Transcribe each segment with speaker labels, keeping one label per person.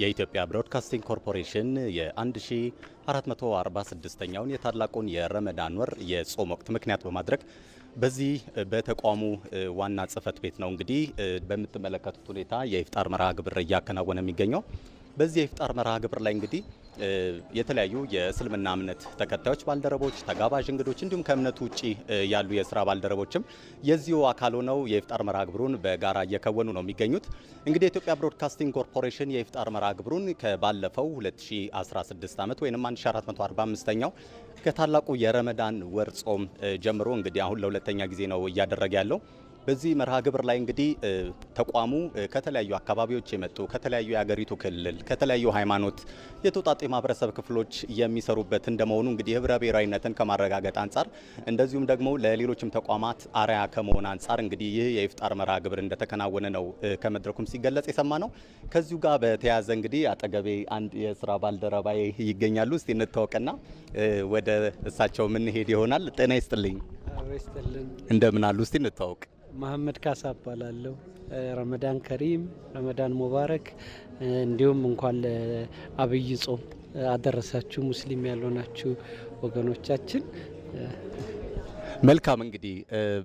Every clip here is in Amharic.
Speaker 1: የኢትዮጵያ ብሮድካስቲንግ ኮርፖሬሽን የ1446ኛውን የታላቁን የረመዳን ወር የጾም ወቅት ምክንያት በማድረግ በዚህ በተቋሙ ዋና ጽህፈት ቤት ነው እንግዲህ በምትመለከቱት ሁኔታ የኢፍጣር መርሃ ግብር እያከናወነ የሚገኘው። በዚህ የኢፍጣር መርሃ ግብር ላይ እንግዲህ የተለያዩ የእስልምና እምነት ተከታዮች ባልደረቦች፣ ተጋባዥ እንግዶች እንዲሁም ከእምነቱ ውጭ ያሉ የስራ ባልደረቦችም የዚሁ አካል ሆነው የኢፍጣር መርሃ ግብሩን በጋራ እየከወኑ ነው የሚገኙት። እንግዲህ የኢትዮጵያ ብሮድካስቲንግ ኮርፖሬሽን የኢፍጣር መርሃ ግብሩን ከባለፈው 2016 ዓመት ወይም 1445ኛው ከታላቁ የረመዳን ወር ጾም ጀምሮ እንግዲህ አሁን ለሁለተኛ ጊዜ ነው እያደረገ ያለው። በዚህ መርሃ ግብር ላይ እንግዲህ ተቋሙ ከተለያዩ አካባቢዎች የመጡ ከተለያዩ የሀገሪቱ ክልል ከተለያዩ ሃይማኖት የተውጣጡ የማህበረሰብ ክፍሎች የሚሰሩበት እንደመሆኑ እንግዲህ ህብረ ብሔራዊነትን ከማረጋገጥ አንጻር እንደዚሁም ደግሞ ለሌሎችም ተቋማት አርያ ከመሆን አንጻር እንግዲህ ይህ የኢፍጣር መርሃ ግብር እንደተከናወነ ነው ከመድረኩም ሲገለጽ የሰማ ነው። ከዚሁ ጋር በተያያዘ እንግዲህ አጠገቤ አንድ የስራ ባልደረባዬ ይገኛሉ። እስቲ እንታወቅና ወደ እሳቸው ምንሄድ ይሆናል። ጤና ይስጥልኝ። እንደምን አሉ? እስቲ እንታወቅ
Speaker 2: መሀመድ ካሳ እባላለሁ። ረመዳን ከሪም፣ ረመዳን ሙባረክ። እንዲሁም እንኳን ለአብይ ጾም አደረሳችሁ ሙስሊም ያልሆናችሁ ወገኖቻችን
Speaker 1: መልካም እንግዲህ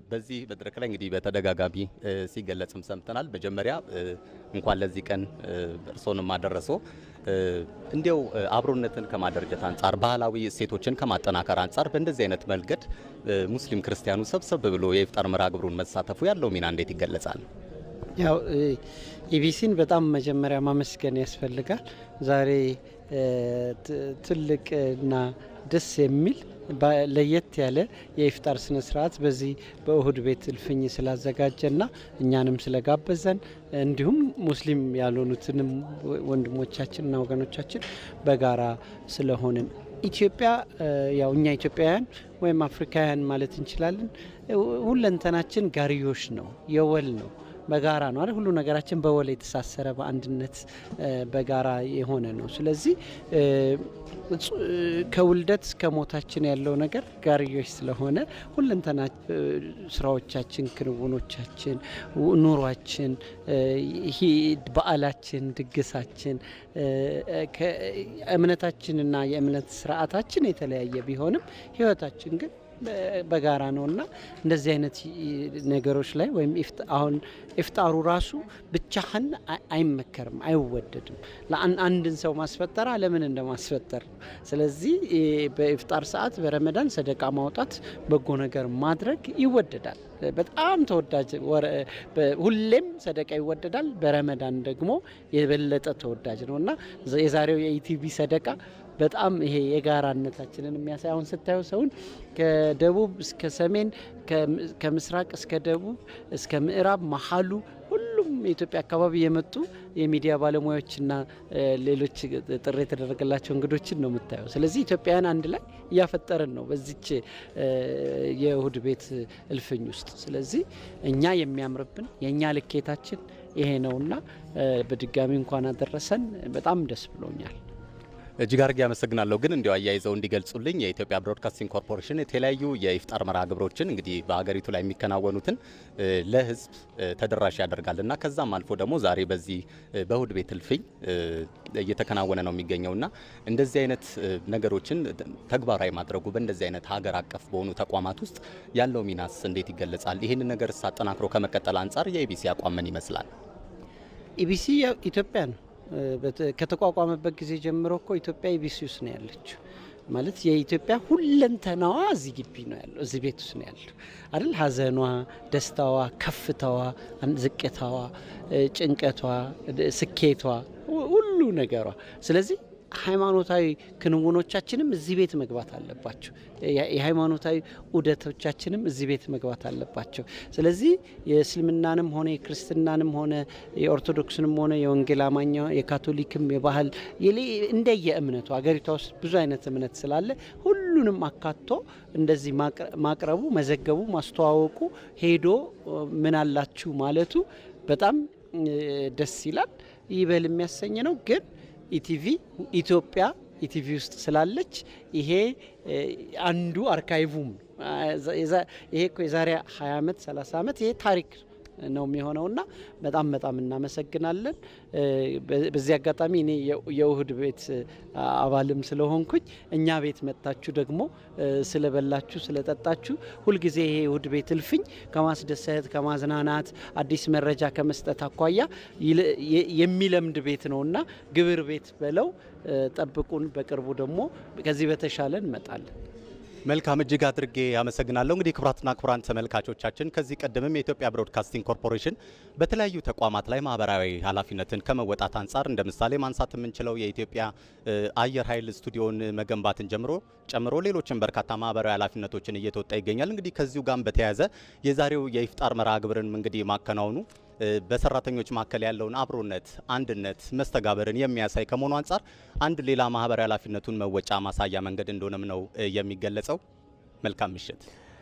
Speaker 1: በዚህ መድረክ ላይ እንግዲህ በተደጋጋሚ ሲገለጽም ሰምተናል። መጀመሪያ እንኳን ለዚህ ቀን እርስዎንም አደረሶ። እንዲው አብሮነትን ከማደረጀት አንጻር ባህላዊ እሴቶችን ከማጠናከር አንጻር በእንደዚህ አይነት መልገድ ሙስሊም ክርስቲያኑ ሰብሰብ ብሎ የኢፍጣር መርሃ ግብሩን መሳተፉ ያለው ሚና እንዴት ይገለጻል?
Speaker 2: ያው ኢቢሲን በጣም መጀመሪያ ማመስገን ያስፈልጋል። ዛሬ ትልቅና ደስ የሚል ለየት ያለ የኢፍጣር ስነ ስርዓት በዚህ በእሁድ ቤት እልፍኝ ስላዘጋጀና እኛንም ስለጋበዘን እንዲሁም ሙስሊም ያልሆኑትንም ወንድሞቻችንና ወገኖቻችን በጋራ ስለሆንን ኢትዮጵያ ያው እኛ ኢትዮጵያውያን ወይም አፍሪካውያን ማለት እንችላለን ሁለንተናችን ጋሪዮሽ ነው፣ የወል ነው። በጋራ ነው አይደል? ሁሉ ነገራችን በወል የተሳሰረ በአንድነት በጋራ የሆነ ነው። ስለዚህ ከውልደት እስከ ሞታችን ያለው ነገር ጋርዮች ስለሆነ ሁለንተና ስራዎቻችን፣ ክንውኖቻችን፣ ኑሯችን፣ በዓላችን፣ ድግሳችን እምነታችንና የእምነት ስርዓታችን የተለያየ ቢሆንም ህይወታችን ግን በጋራ ነው እና እንደዚህ አይነት ነገሮች ላይ ወይም አሁን ኢፍጣሩ ራሱ ብቻህን አይመከርም፣ አይወደድም። አንድን ሰው ማስፈጠር አለምን እንደማስፈጠር ነው። ስለዚህ በኢፍጣር ሰዓት በረመዳን ሰደቃ ማውጣት፣ በጎ ነገር ማድረግ ይወደዳል። በጣም ተወዳጅ ሁሌም ሰደቃ ይወደዳል። በረመዳን ደግሞ የበለጠ ተወዳጅ ነው እና የዛሬው የኢቲቪ ሰደቃ በጣም ይሄ የጋራነታችንን የሚያሳይ አሁን ስታዩ ሰውን ከደቡብ እስከ ሰሜን ከምስራቅ እስከ ደቡብ እስከ ምዕራብ መሀሉ ሁሉም የኢትዮጵያ አካባቢ የመጡ የሚዲያ ባለሙያዎችና ሌሎች ጥሪ የተደረገላቸው እንግዶችን ነው የምታየው። ስለዚህ ኢትዮጵያውያን አንድ ላይ እያፈጠርን ነው በዚች የእሁድ ቤት እልፍኝ ውስጥ። ስለዚህ እኛ የሚያምርብን የእኛ ልኬታችን ይሄ ነውና በድጋሚ እንኳን አደረሰን። በጣም ደስ ብሎኛል።
Speaker 1: እጅግ አድርጌ አመሰግናለሁ። ግን እንዲያው አያይዘው እንዲገልጹልኝ የኢትዮጵያ ብሮድካስቲንግ ኮርፖሬሽን የተለያዩ የኢፍጣር መርሃ ግብሮችን እንግዲህ በሀገሪቱ ላይ የሚከናወኑትን ለህዝብ ተደራሽ ያደርጋል እና ከዛም አልፎ ደግሞ ዛሬ በዚህ በእሁድ ቤት እልፍኝ እየተከናወነ ነው የሚገኘው እና እንደዚህ አይነት ነገሮችን ተግባራዊ ማድረጉ በእንደዚህ አይነት ሀገር አቀፍ በሆኑ ተቋማት ውስጥ ያለው ሚናስ እንዴት ይገለጻል? ይህን ነገር አጠናክሮ ከመቀጠል አንጻር የኢቢሲ አቋም ምን ይመስላል?
Speaker 2: ኢቢሲ ኢትዮጵያ ነው ከተቋቋመበት ጊዜ ጀምሮ እኮ ኢትዮጵያ ውስጥ ነው ያለችው። ማለት የኢትዮጵያ ሁለንተናዋ እዚህ ግቢ ነው ያለው፣ እዚህ ቤት ውስጥ ነው ያለው አይደል? ሀዘኗ፣ ደስታዋ፣ ከፍታዋ፣ ዝቅታዋ፣ ጭንቀቷ፣ ስኬቷ፣ ሁሉ ነገሯ። ስለዚህ ሃይማኖታዊ ክንውኖቻችንም እዚህ ቤት መግባት አለባቸው። የሃይማኖታዊ ውደቶቻችንም እዚህ ቤት መግባት አለባቸው። ስለዚህ የእስልምናንም ሆነ የክርስትናንም ሆነ የኦርቶዶክስንም ሆነ የወንጌል አማኛ የካቶሊክም የባህል እንደየ እምነቱ ሀገሪቷ ውስጥ ብዙ አይነት እምነት ስላለ ሁሉንም አካቶ እንደዚህ ማቅረቡ፣ መዘገቡ፣ ማስተዋወቁ ሄዶ ምን አላችሁ ማለቱ በጣም ደስ ይላል። ይበል የሚያሰኝ ነው ግን ኢቲቪ ኢትዮጵያ ኢቲቪ ውስጥ ስላለች ይሄ አንዱ አርካይቭም ይሄ እኮ የዛሬ 20 ዓመት 30 ዓመት ይሄ ታሪክ ነው የሚሆነው እና በጣም በጣም እናመሰግናለን። በዚህ አጋጣሚ እኔ የውህድ ቤት አባልም ስለሆንኩኝ እኛ ቤት መጥታችሁ ደግሞ ስለበላችሁ ስለጠጣችሁ፣ ሁልጊዜ ይሄ የውህድ ቤት እልፍኝ ከማስደሰት ከማዝናናት አዲስ መረጃ ከመስጠት አኳያ የሚለምድ ቤት ነው እና ግብር ቤት በለው ጠብቁን። በቅርቡ ደግሞ ከዚህ በተሻለ እንመጣለን።
Speaker 1: መልካም እጅግ አድርጌ ያመሰግናለሁ። እንግዲህ ክቡራትና ክቡራን ተመልካቾቻችን ከዚህ ቀደምም የኢትዮጵያ ብሮድካስቲንግ ኮርፖሬሽን በተለያዩ ተቋማት ላይ ማህበራዊ ኃላፊነትን ከመወጣት አንጻር እንደ ምሳሌ ማንሳት የምንችለው የኢትዮጵያ አየር ኃይል ስቱዲዮን መገንባትን ጀምሮ ጨምሮ ሌሎችን በርካታ ማህበራዊ ኃላፊነቶችን እየተወጣ ይገኛል። እንግዲህ ከዚሁ ጋር በተያያዘ የዛሬው የኢፍጣር መርሃ ግብርን እንግዲህ ማከናወኑ በሰራተኞች መካከል ያለውን አብሮነት፣ አንድነት፣ መስተጋበርን የሚያሳይ ከመሆኑ አንጻር አንድ ሌላ ማህበራዊ ኃላፊነቱን መወጫ ማሳያ መንገድ እንደሆነም ነው የሚገለጸው። መልካም ምሽት።